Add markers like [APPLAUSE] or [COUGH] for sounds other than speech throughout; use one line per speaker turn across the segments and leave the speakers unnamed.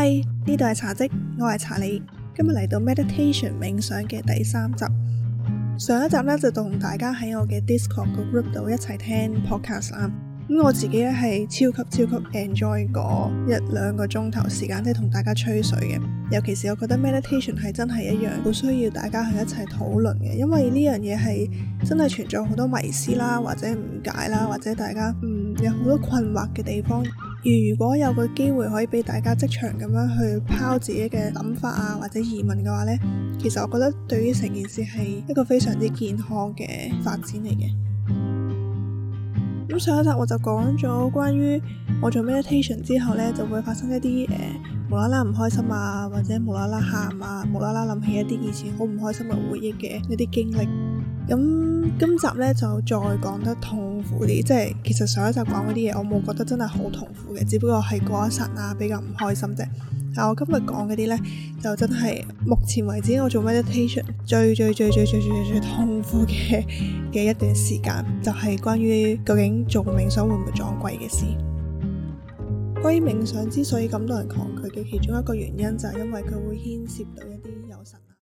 Hi，呢度係茶嘖，我係茶理。今日嚟到 meditation 冥想嘅第三集。上一集呢，就同大家喺我嘅 Discord 個 group 度一齊聽 podcast 啦。咁、嗯、我自己咧係超級超級 enjoy 咗一兩個鐘頭時間，即係同大家吹水嘅。尤其是我覺得 meditation 係真係一樣好需要大家去一齊討論嘅，因為呢樣嘢係真係存在好多迷思啦，或者誤解啦，或者大家嗯有好多困惑嘅地方。而如果有個機會可以俾大家即場咁樣去拋自己嘅諗法啊，或者疑問嘅話呢，其實我覺得對於成件事係一個非常之健康嘅發展嚟嘅。咁 [NOISE] 上一集我就講咗關於我做 meditation 之後呢，就會發生一啲誒、呃、無啦啦唔開心啊，或者無啦啦喊啊，無啦啦諗起一啲以前好唔開心嘅回憶嘅一啲經歷。咁、嗯、今集呢，就再講得痛苦啲，即係其實上一集講嗰啲嘢，我冇覺得真係好痛苦嘅，只不過係嗰一剎啊比較唔開心啫。但我今日講嗰啲呢，就真係目前為止我做 meditation 最最最最最最最痛苦嘅嘅一段時間，就係、是、關於究竟做冥想會唔會撞鬼嘅事。關於冥想之所以咁多人抗拒嘅其中一個原因，就係因為佢會牽涉到一啲。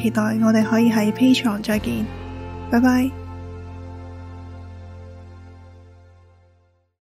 期待我哋可以喺 Patreon 再見，拜拜。